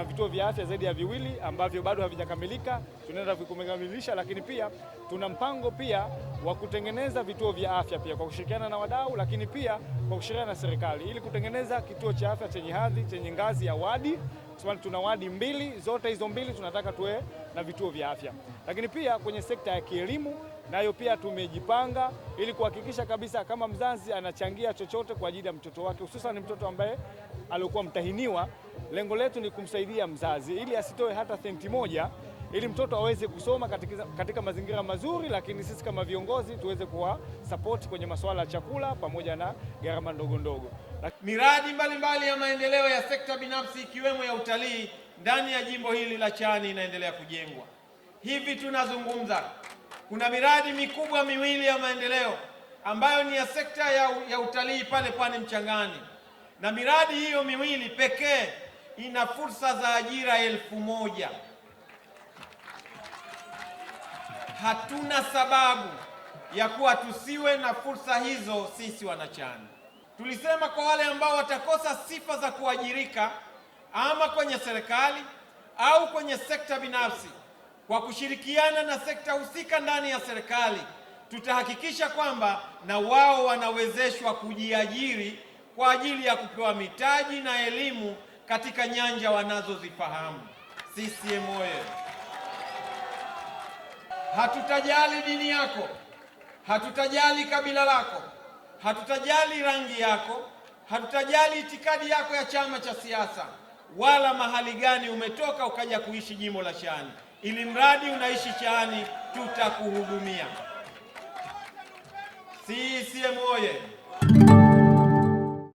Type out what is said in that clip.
tuna vituo vya afya zaidi ya viwili ambavyo bado havijakamilika, tunaenda kuvikamilisha, lakini pia tuna mpango pia wa kutengeneza vituo vya afya pia kwa kushirikiana na wadau, lakini pia kwa kushirikiana na serikali ili kutengeneza kituo cha afya chenye hadhi chenye ngazi ya wadi. Tuna wadi mbili, zote hizo mbili tunataka tuwe na vituo vya afya. Lakini pia kwenye sekta ya kielimu nayo pia tumejipanga ili kuhakikisha kabisa kama mzazi anachangia chochote kwa ajili ya mtoto wake, hususan mtoto ambaye aliokuwa mtahiniwa. Lengo letu ni kumsaidia mzazi ili asitoe hata senti moja, ili mtoto aweze kusoma katika, katika mazingira mazuri, lakini sisi kama viongozi tuweze kuwa support kwenye masuala ya chakula pamoja na gharama ndogo ndogo. Miradi mbalimbali mbali ya maendeleo ya sekta binafsi ikiwemo ya utalii ndani ya jimbo hili la Chani inaendelea kujengwa. Hivi tunazungumza, kuna miradi mikubwa miwili ya maendeleo ambayo ni ya sekta ya, ya utalii pale Pwani Mchangani, na miradi hiyo miwili pekee ina fursa za ajira elfu moja. Hatuna sababu ya kuwa tusiwe na fursa hizo. Sisi Wanachani tulisema kwa wale ambao watakosa sifa za kuajirika ama kwenye serikali au kwenye sekta binafsi. Kwa kushirikiana na sekta husika ndani ya serikali, tutahakikisha kwamba na wao wanawezeshwa kujiajiri kwa ajili ya kupewa mitaji na elimu katika nyanja wanazozifahamu. CCM oye! Hatutajali dini yako, hatutajali kabila lako, hatutajali rangi yako, hatutajali itikadi yako ya chama cha siasa wala mahali gani umetoka ukaja kuishi jimbo la Chaani. Ili mradi unaishi Chaani, tutakuhudumia. CCM oye!